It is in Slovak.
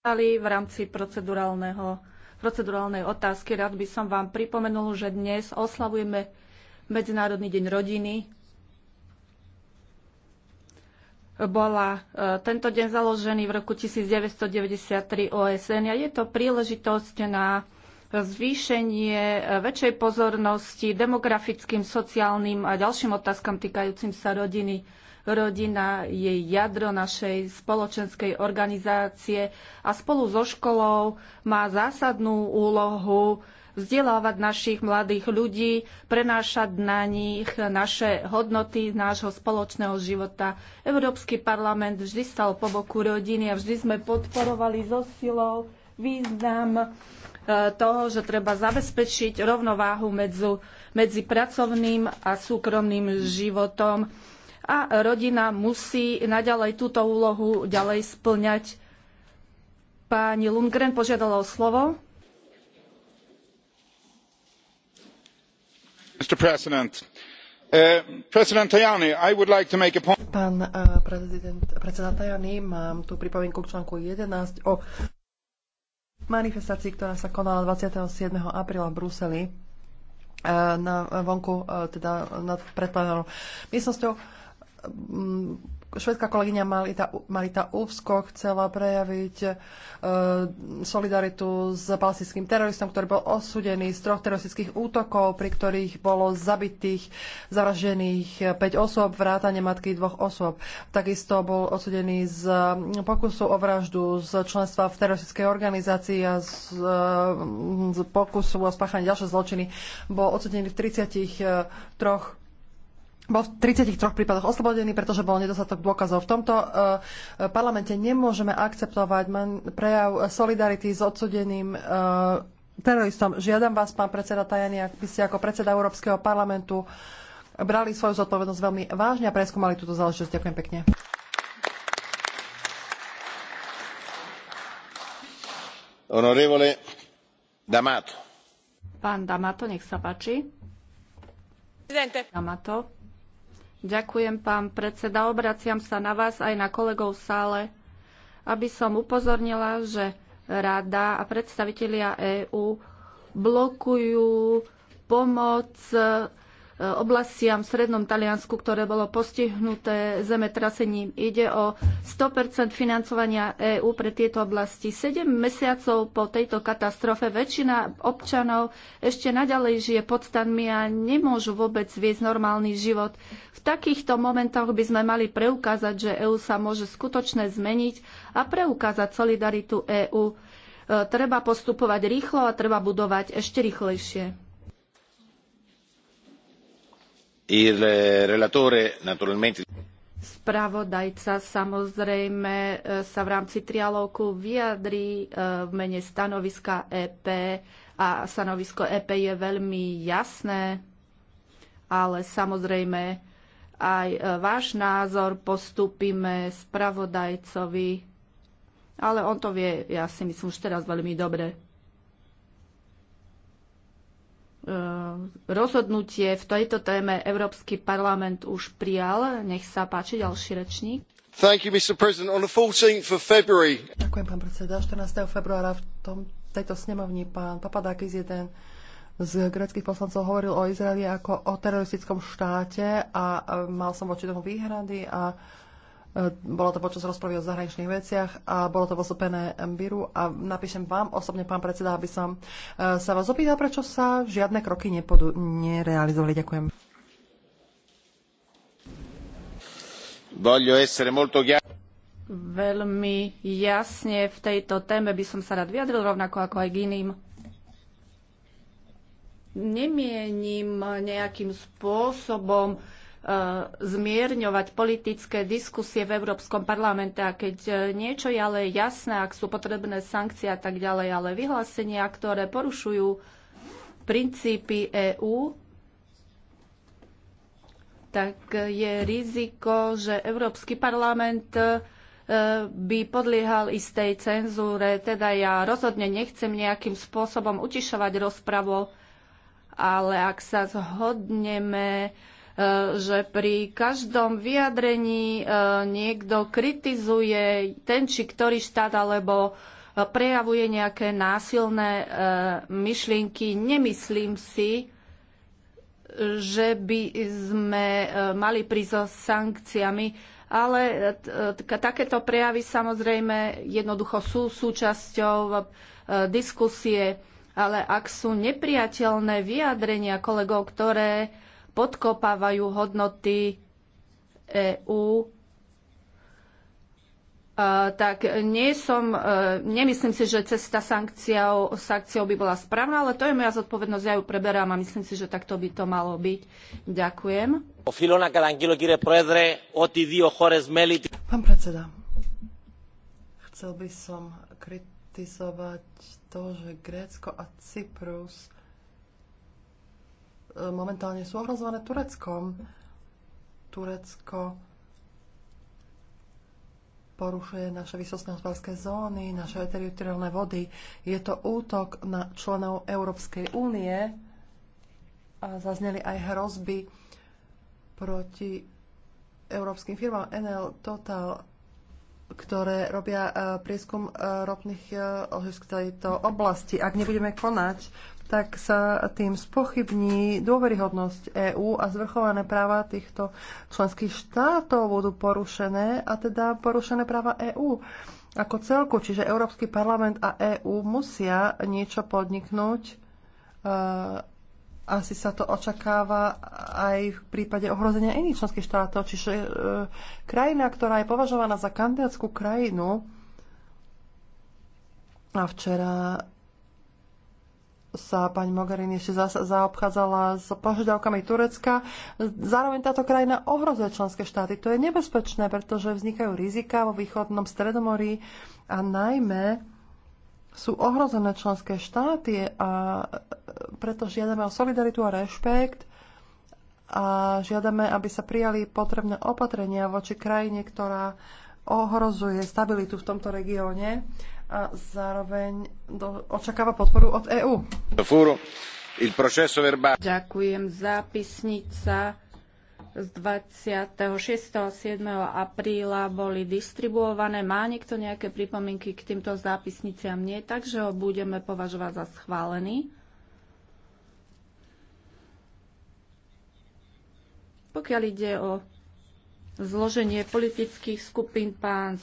v rámci procedurálnej otázky. Rád by som vám pripomenul, že dnes oslavujeme Medzinárodný deň rodiny. Bola e, tento deň založený v roku 1993 OSN a je to príležitosť na zvýšenie e, väčšej pozornosti demografickým, sociálnym a ďalším otázkam týkajúcim sa rodiny. Rodina je jadro našej spoločenskej organizácie a spolu so školou má zásadnú úlohu vzdelávať našich mladých ľudí, prenášať na nich naše hodnoty nášho spoločného života. Európsky parlament vždy stal po boku rodiny a vždy sme podporovali so silou význam e, toho, že treba zabezpečiť rovnováhu medzi, medzi pracovným a súkromným životom a rodina musí naďalej túto úlohu ďalej splňať. Pani Lundgren požiadala o slovo. Mr. President, eh, pán eh, predseda tajani mám tu pripomienku k článku 11 o manifestácii ktorá sa konala. 27. apríla v bruseli eh, na vonku teda nad predplenárnou miestnosťou Mm, švedská kolegyňa Marita, Marita Uvsko chcela prejaviť e, solidaritu s palestinským teroristom, ktorý bol osudený z troch teroristických útokov, pri ktorých bolo zabitých, zavražených 5 e, osôb, vrátane matky dvoch osôb. Takisto bol osudený z mm, pokusu o vraždu, z členstva v teroristickej organizácii a z, e, z pokusu o spáchanie ďalšie zločiny. Bol odsudený v 33 bol v 33 prípadoch oslobodený, pretože bol nedostatok dôkazov. V tomto uh, parlamente nemôžeme akceptovať man, prejav solidarity s odsudeným uh, teroristom. Žiadam vás, pán predseda Tajani, ak by ste ako predseda Európskeho parlamentu brali svoju zodpovednosť veľmi vážne a preskúmali túto záležitosť. Ďakujem pekne. Honorevole D'Amato. Pán D'Amato, nech sa páči. Presidente. D'Amato. Ďakujem, pán predseda. Obraciam sa na vás aj na kolegov v sále, aby som upozornila, že Rada a predstavitelia EÚ blokujú pomoc oblastiam v Srednom Taliansku, ktoré bolo postihnuté zemetrasením. Ide o 100% financovania EÚ pre tieto oblasti. 7 mesiacov po tejto katastrofe väčšina občanov ešte naďalej žije pod stanmi a nemôžu vôbec viesť normálny život. V takýchto momentoch by sme mali preukázať, že EÚ sa môže skutočne zmeniť a preukázať solidaritu EÚ e, treba postupovať rýchlo a treba budovať ešte rýchlejšie. Eh, Spravodajca samozrejme eh, sa v rámci trialógu vyjadrí eh, v mene stanoviska EP a stanovisko EP je veľmi jasné, ale samozrejme aj váš názor postupíme spravodajcovi, ale on to vie, ja si myslím, už teraz veľmi dobre. rozhodnutie v tejto téme Európsky parlament už prijal. Nech sa páči ďalší rečník. You, February... Ďakujem, pán predseda. 14. februára v tom, tejto snemovni pán Papadakis, jeden z greckých poslancov, hovoril o Izraeli ako o teroristickom štáte a e, mal som voči tomu výhrady a E, bolo to počas rozpravy o zahraničných veciach a bolo to postupené Mbiru a napíšem vám osobne, pán predseda, aby som e, sa vás opýtal, prečo sa žiadne kroky nepodu- nerealizovali. Ďakujem. Veľmi jasne v tejto téme by som sa rád vyjadril, rovnako ako aj k iným. Nemienim nejakým spôsobom E, zmierňovať politické diskusie v Európskom parlamente a keď e, niečo je ale jasné, ak sú potrebné sankcie a tak ďalej, ale vyhlásenia, ktoré porušujú princípy EÚ, tak je riziko, že Európsky parlament e, by podliehal istej cenzúre. Teda ja rozhodne nechcem nejakým spôsobom utišovať rozpravu, ale ak sa zhodneme, Eh, že pri každom vyjadrení eh, niekto kritizuje ten či ktorý štát alebo eh, prejavuje nejaké násilné myšlienky. Nemyslím si, že by sme mali prísť so sankciami, ale takéto prejavy samozrejme jednoducho sú súčasťou diskusie, ale ak sú nepriateľné vyjadrenia kolegov, ktoré podkopávajú hodnoty EÚ, tak nie som, e, nemyslím si, že cesta sankciou, sankciou by bola správna, ale to je moja zodpovednosť, ja ju preberám a myslím si, že takto by to malo byť. Ďakujem. Pán predseda, chcel by som kritizovať to, že Grécko a Cyprus momentálne sú ohrozované Tureckom. Turecko porušuje naše vysostné hospodárske zóny, naše teritoriálne vody. Je to útok na členov Európskej únie a zazneli aj hrozby proti európskym firmám NL, Total, ktoré robia e, prieskum e, ropných e, v tejto oblasti. Ak nebudeme konať, tak sa tým spochybní dôveryhodnosť EÚ a zvrchované práva týchto členských štátov budú porušené a teda porušené práva EÚ ako celku. Čiže Európsky parlament a EÚ musia niečo podniknúť asi sa to očakáva aj v prípade ohrozenia iných členských štátov. Čiže e, krajina, ktorá je považovaná za kandidátskú krajinu, a včera sa pani Mogherini ešte za, zaobchádzala s požiadavkami Turecka. Zároveň táto krajina ohrozuje členské štáty. To je nebezpečné, pretože vznikajú rizika vo východnom Stredomorí a najmä sú ohrozené členské štáty a e, preto žiadame o solidaritu a rešpekt a žiadame, aby sa prijali potrebné opatrenia voči krajine, ktorá ohrozuje stabilitu v tomto regióne a zároveň do, očakáva podporu od EÚ. Ďakujem. Zápisnica z 26. 7. apríla boli distribuované. Má niekto nejaké pripomienky k týmto zápisniciam? Nie, takže ho budeme považovať za schválený. Pokiaľ ide o zloženie politických skupín, pán